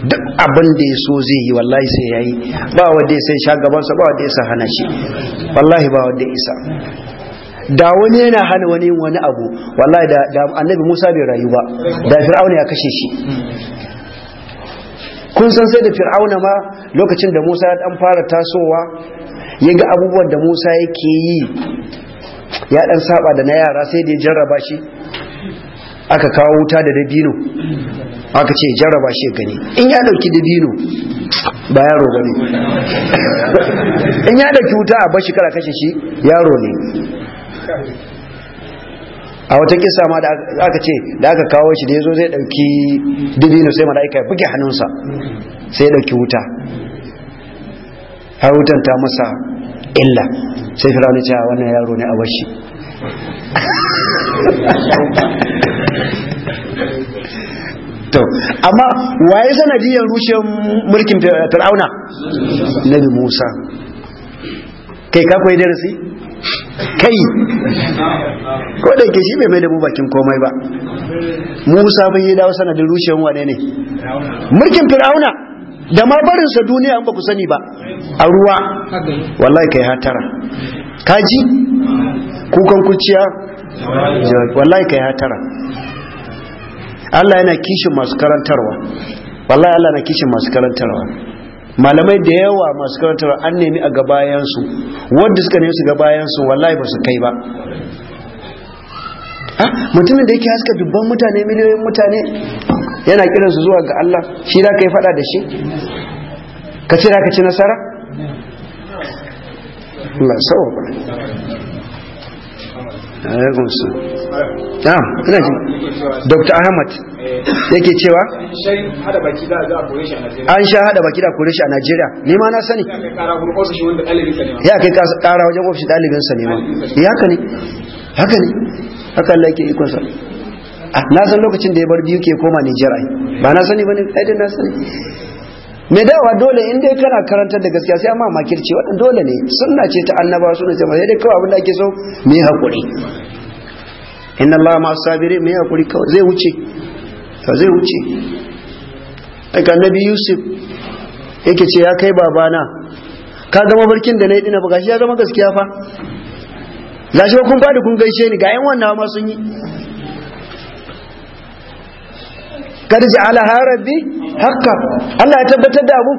duk abin da ya so zai yi wallahi sai ya yi ba wanda ya sai sha gabansa ba wanda ya sa hana shi wallahi ba wanda ya isa da wani yana hana wani yin wani abu wallahi da annabi Musa bai rayu ba da fir'auna ya kashe shi kun san sai da fir'auna ma lokacin da Musa ya dan fara tasowa ya ga abubuwan da Musa yake yi ya dan saba da na yara sai da ya jarraba shi aka kawo wuta da dabino aka ce jarraba shi gani in ya dauki dabino ba yaro ba ne. in ya dauki wuta a bashi kara kashe shi yaro ne a wata kisa ma da aka ce da aka kawo shi da ya zo zai ɗauki dubino sai mala'ika ya buge hannunsa sai ya ɗauki wuta har wutan ta masa illa sai rauni cewa wannan yaro ne a washi to amma waye sanadiyar rushe mulkin fir'auna nabi musa kai kakwai koyi darasi kai ko da ke shi bai mai da mu bakin komai ba musa bai yi dawo sanadin rushewan wane ne mulkin fir'auna da ma barinsa duniya an ba ku sani ba a ruwa wallahi kai hatara kaji kukan kuciya wallahi kai hatara Allah yana kishin masu karantarwa wallahi Allah na kishin masu karantarwa malamai da yawa masu karantar an nemi a gabayansu wadda suka nemi su gabayansu wallahi ba su kai ba mutumin da yake haska dubban mutane miliyoyin mutane yana kiransu zuwa ga Allah shi da ka yi fada da shi ka ce da ka ci nasara Allah sauwa ina Dr. Ahmad eh. yake cewa an sha hada baki da kore shi a Najeriya ne ma na sani ya kai kara wajen ofishi ɗalibinsa ne ma ya eh, haka ne haka ne haka Allah yake ikonsa ah, na san lokacin da ya bar biyu ke koma Nijar ba na sani ba ne ɗaiɗin na sani mai dawa dole in dai kana karantar da gaskiya sai amma makirci wadda dole ne sunna ce ta annaba sunna ce sai dai kawai abin da ake so mai haƙuri? hakuri inna Allah ma sabiri mai haƙuri kawai zai wuce ta zai wuce ai ka annabi Yusuf yake ce ya kai babana ka gama barkin da yi dina ba ya zama gaskiya fa gashi kun fadi kun gaishe ni ga yan wannan ma sun yi kad ja'alaha rabbi hakka Allah ya tabbatar da abu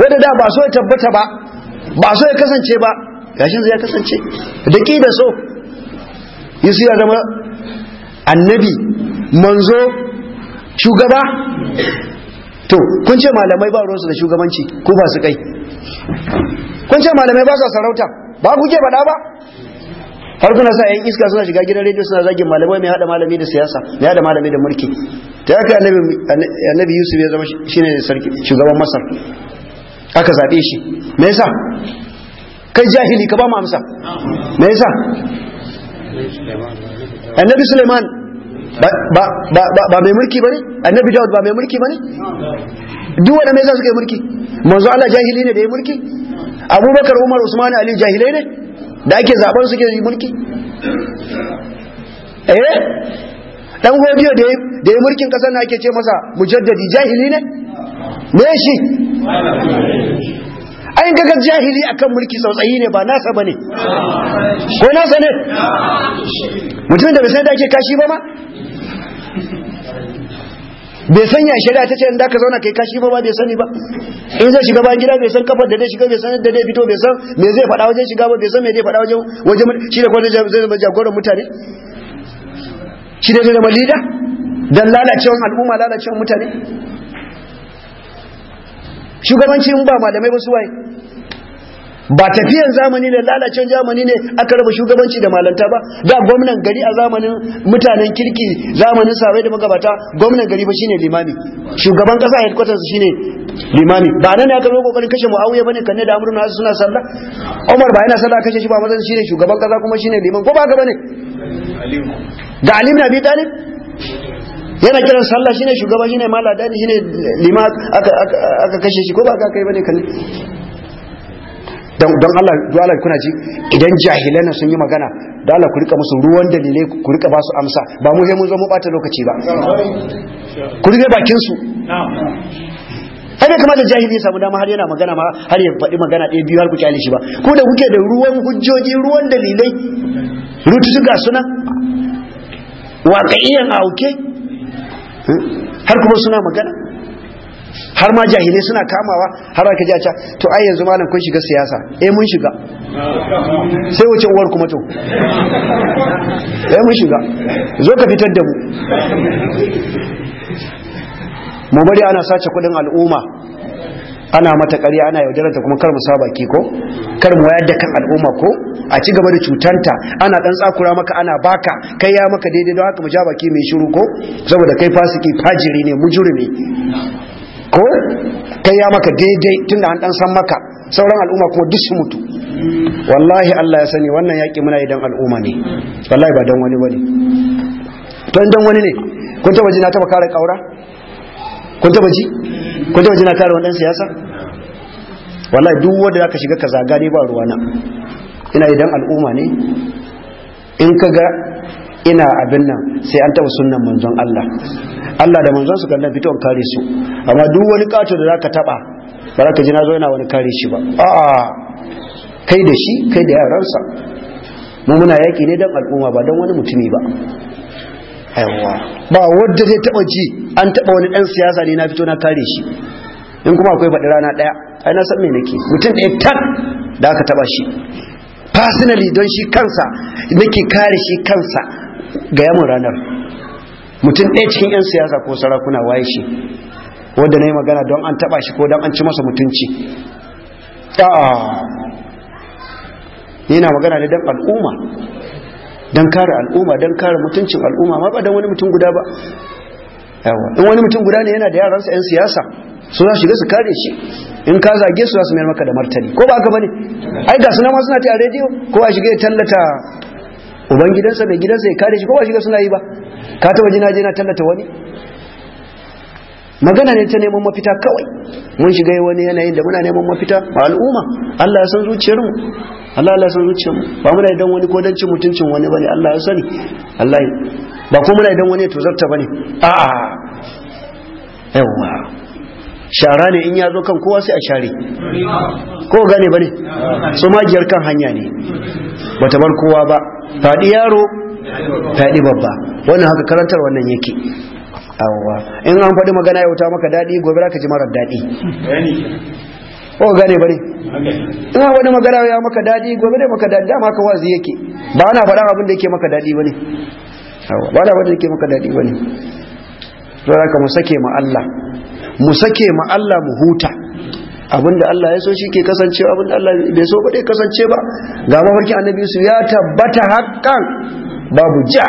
wanda da ba so ya tabbata ba ba so ya kasance ba gashin zai ya kasance da ki da so yesu ya zama annabi manzo shugaba to kun ce malamai ba ruwansu da shugabanci ko ba su kai kun ce malamai ba su sarauta ba ku ke faɗa ba har suna sa yan iska suna shiga gidan rediyo suna zagin malamai mai hada malami da siyasa mai hada malami da mulki ta yaka annabi yusuf ya zama shine sarki shugaban masar aka zabe shi me yasa kai jahili ka ba mu amsa me yasa annabi suleiman ba mai mulki bane annabi daud ba mai mulki bane duk wanda mai yasa suka yi mulki manzo Allah jahili ne da ya mulki abubakar umar usman ali jahilai ne da ake zaben suke yi mulki eh dan hodiyo da da mulkin kasar na ake ce masa mujaddadi jahili ne me shi ayin kaga jahili akan mulki sautsayi ne ba nasa bane ko nasa ne mutum da bai san da ake kashi ba ma bai san ya shari'a ta ce inda ka zauna kai kashi ba bai sani ba in zai shiga bayan gida bai san kafar da zai shiga bai san da zai fito bai san me zai faɗa wajen shiga ba bai san me zai faɗa wajen Waje shi da kwanan zai zama jagoran mutane shi da zai zama lida don lalacewan al'umma lalacewan mutane shugabanci in ba malamai ba su waye ba tafiyan zamani ne lalacin zamani ne aka raba shugabanci da malanta ba da gwamnan gari a zamanin mutanen kirki zamanin sabai da magabata gwamnan gari ba shine limami shugaban kasa headquarters shine limami ba nan ne aka zo kokarin kashe muawiya bane kanne da amrun nasu suna sallah umar ba yana sallah kashe shi ba mazan shine shugaban kasa kuma shine liman ko ba ga bane da alim na bi talib yana kiran sallah shine shugaba shine malada shine liman aka kashe shi ko ba ga kai bane kanne don Allah duwala kuna ji idan jahilan sun yi magana da Allah ku rika musu ruwan dalilai ku rika ba su amsa ba mu mun zo mu bata lokaci ba ku rike bakin su ai bai kamata jahili ya samu dama har yana magana ma har ya faɗi magana ɗaya biyu har ku kyale shi ba ko da kuke da ruwan hujjoji ruwan dalilai rutu ga suna a auke har kuma suna magana har ma jahilai suna kamawa har aka ji a to ai yanzu malam kun shiga siyasa eh mun shiga sai wace uwar kuma to eh mun shiga zo ka fitar da mu mu bari ana sace kudin al'umma ana mata ana yaudarar ta kuma kar mu saba ki ko kar mu wayar da kan al'umma ko a ci gaba da cutanta ana dan tsakura maka ana baka kai ya maka daidai don haka mu ja baki mai shiru ko saboda kai fasiki fajiri ne mujurmi ko kai ya maka daidai tun an dan san maka sauran al'umma kuma duk su mutu wallahi Allah ya sani wannan yaƙi muna idan al'umma ne wallahi ba dan wani wani to dan wani ne kun taba ji na taba kare kaura kun taba ji kun taba ji na kare wannan siyasa wallahi duk wanda zaka shiga kaza ne ba ruwana ina idan al'umma ne in kaga ina abin nan sai an taba sunnan manzon Allah Allah da manzon su kallon fito kare su amma duk wani kato da zaka taba ba zaka ji nazo yana wani kare shi ba a kai da shi kai da yaransa mu muna yaki ne dan al'umma ba dan wani mutumi ba yawa ba wanda zai taba ji an taba wani dan siyasa ne na fito na kare shi in kuma akwai fadi rana daya ai na san me nake mutum ɗaya tak da aka taba shi personally don shi kansa nake kare shi kansa ga yamin ranar mutum ɗaya cikin 'yan siyasa ko sarakuna waye shi wadda na yi magana don an taɓa shi ko don an ci masa mutunci yana magana ne don al'umma don kare al'umma don kare mutuncin al'umma ma ba don wani mutum guda ba in wani mutum guda ne yana da yaransa 'yan siyasa su za su shiga su kare shi in ka zage su za su mayar maka da martani ko ba aka bane ai ga suna ma suna ta a rediyo ko a shiga ya tallata ubangidansa mai gidansa ya kare shi ko ba shiga suna yi ba ka taba jina na je na tallata wani magana ne ta neman mafita kawai mun shiga wani yanayin da muna neman mafita Ba al'umma Allah ya san zuciyar mu Allah ya san zuciyar mu ba muna idan wani ko dancin mutuncin wani bane Allah ya sani Allah ba ko muna idan wani to zarta bane a a yawa shara ne in ya zo kan kowa sai a share ko gane bane so magiyar kan hanya ne bata bar kowa ba fadi yaro daɗi babba wannan haka karantar wannan yake awwa in an faɗi magana ya wuta maka daɗi gobe za ka ji marar daɗi ko gane bare in an faɗi magana ya maka daɗi gobe dai maka daɗi dama ka wazi yake ba ana faɗa abin da yake maka daɗi bane ba ana faɗa yake maka daɗi bane to ka mu sake ma Allah mu sake ma Allah mu huta abinda Allah ya so shi ke kasancewa abinda Allah bai so ba dai kasance ba ga mafarkin annabi su ya tabbata haƙƙan babu ja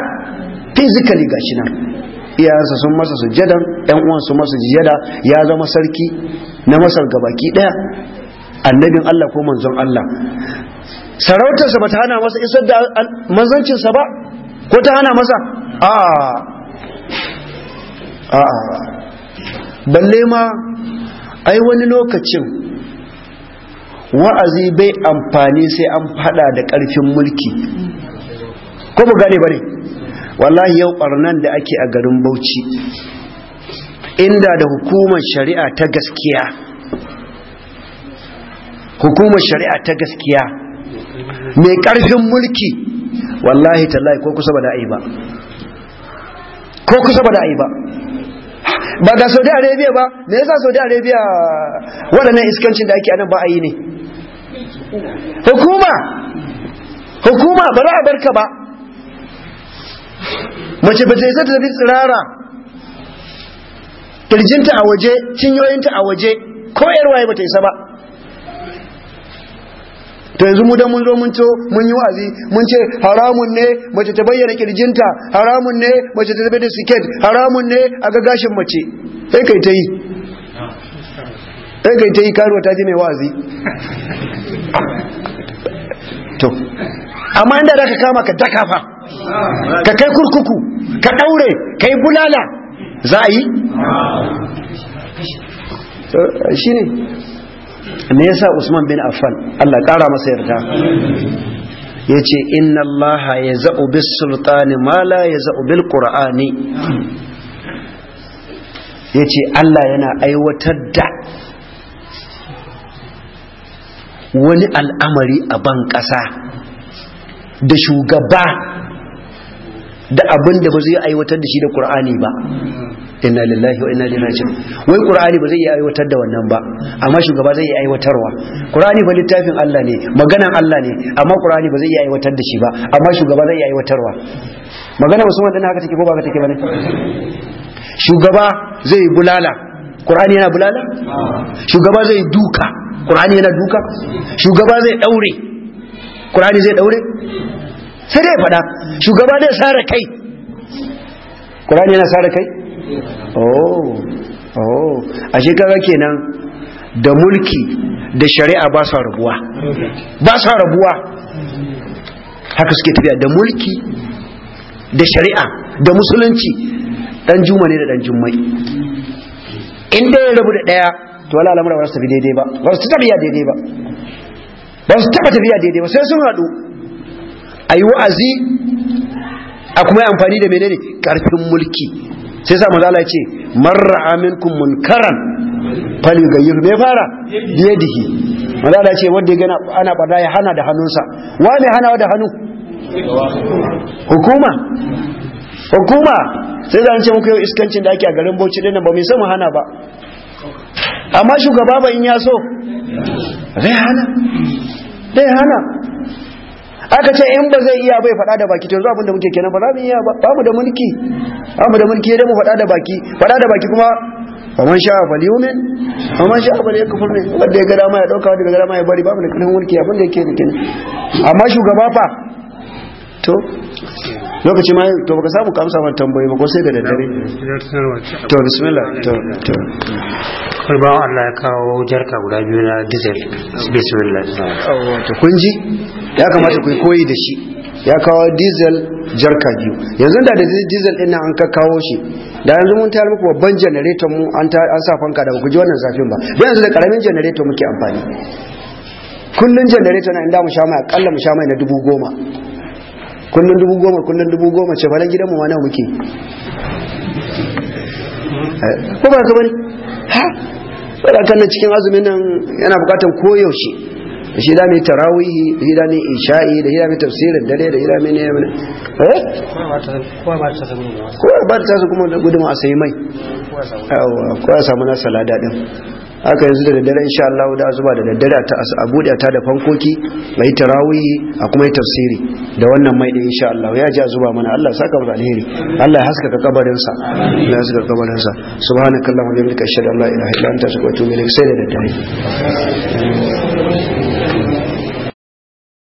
physically gashi nan iyayensa sun masa sujadan yan uwan su masa sujada ya zama sarki na masar gabaki daya annabin Allah ko manzon Allah sarautarsa ba ta hana masa isar da manzancinsa ba ko ta hana masa a a balle ma ai wani lokacin wa'azi bai amfani sai an fada da karfin mulki ko mu gane bane wallahi yau barnan da ake a garin Bauchi inda da hukumar shari'a ta gaskiya hukumar shari'a ta gaskiya mai karfin mulki wallahi tallahi ko kusa ba da ai ba ko kusa ba da ai ba ba ga saudi arabia ba me yasa saudi arabia waɗannan iskancin da ake anan ba a yi ne hukuma hukuma ba za a barka ba mace ba ta isa ta tafi tsirara kirjinta a waje cinyoyinta a waje ko yarwaye ba ta isa ba ta yanzu mu da mun zo mun to mun yi wazi mun ce haramun ne mace ta bayyana kirjinta haramun ne mace ta tabbata siket haramun ne a ga gashin mace sai kai ta yi sai kai ta yi karuwa ta ji mai wazi to amma inda da ka kama ka daka fa ka kai kurkuku ka ɗaure, ka yi bulala za a yi shi ne me yasa usman bin affan allah kara masa yarda ya ce inna allah ya za'u bis sultani ma ya za'u bil qur'ani ya ce allah yana aiwatar da wani al'amari a ban ƙasa da shugaba da abin da ba zai aiwatar da shi da Qur'ani ba inna lillahi wa inna ilaihi raji'un wai Qur'ani ba zai aiwatar da wannan ba amma shugaba zai aiwatarwa Qur'ani ba littafin Allah ne maganan Allah ne amma Qur'ani ba zai aiwatar da shi ba amma shugaba zai aiwatarwa magana musamman din haka take ko ba haka take bane shugaba zai bulala Qur'ani yana bulala shugaba zai duka Qur'ani yana duka shugaba zai daure Qur'ani zai daure sai dai faɗa shugaba dai sare kai ƙurani yana sare kai oh oh a shekara kenan da mulki da shari'a ba su rabuwa ba su rabuwa haka suke tafiya da mulki da shari'a da musulunci dan juma ne da dan jummai in dai ya rabu da daya to wala al'amura ba su tafi daidai ba ba su tafiya daidai ba ba su tafiya daidai ba sai sun haɗu a yi wa'azi a kuma yi amfani da menene karfin mulki sai sa mazala ce marra aminkum munkaran fali ga yi me fara dihi mazala ce wanda ya gana ana bada ya hana da hannunsa wa ne hana da hannu hukuma hukuma sai da an ce muku yau iskancin da ake a garin bauchi dinnan ba mai samu hana ba amma shugaba ba in ya so zai hana zai hana aka ce in ba zai iya bai faɗa da baki to yanzu abinda muke kenan ba za mu iya ba mu da mulki ba mu da mulki dai mu faɗa da baki faɗa da baki kuma wa man sha'a falyumin wa man sha'a falyakfur min wanda ya ga dama ya dauka wanda ya ga dama ya bari ba mu da kanin mulki abinda yake ne kenan amma shugaba fa to lokaci ma to baka samu kamsa man tambayi ba ko sai da daddare to bismillah to to kurbawa Allah ya kawo jarka guda biyu na diesel bismillah to kun ji ya kamata ku koyi da shi ya kawo diesel jarka biyu yanzu da diesel din nan an ka kawo shi da yanzu mun tayar muku babban generator mu an an sa fanka da ku ji wannan zafin ba da yanzu da karamin generator muke amfani kullun generator na inda mu sha mai akalla mu sha mai na dubu goma kullun dubu goma kullun dubu goma ce falan gidanmu ma nawa muke eh, ko ba ka bari ha saboda kan cikin azumin nan yana bukatar koyaushe da shi dami mai tarawihi da shi dami isha'i da shi dami tafsirin dare da shi da mai neman eh kowa ba ta su kuma gudunmu a sai mai kowa samu na salada din haka yanzu da daddare insha Allah da zuba da daddare ta a bude ta da fankoki mai tarawihi a kuma yi tafsiri da wannan mai da insha Allah ya ji zuba mana Allah saka mu alheri Allah ya haskaka kabarin sa ya haskaka kabarin sa subhanakallah wa bihamdika ashhadu an la ilaha illa anta astaghfiruka wa atubu ilaik sai da daddare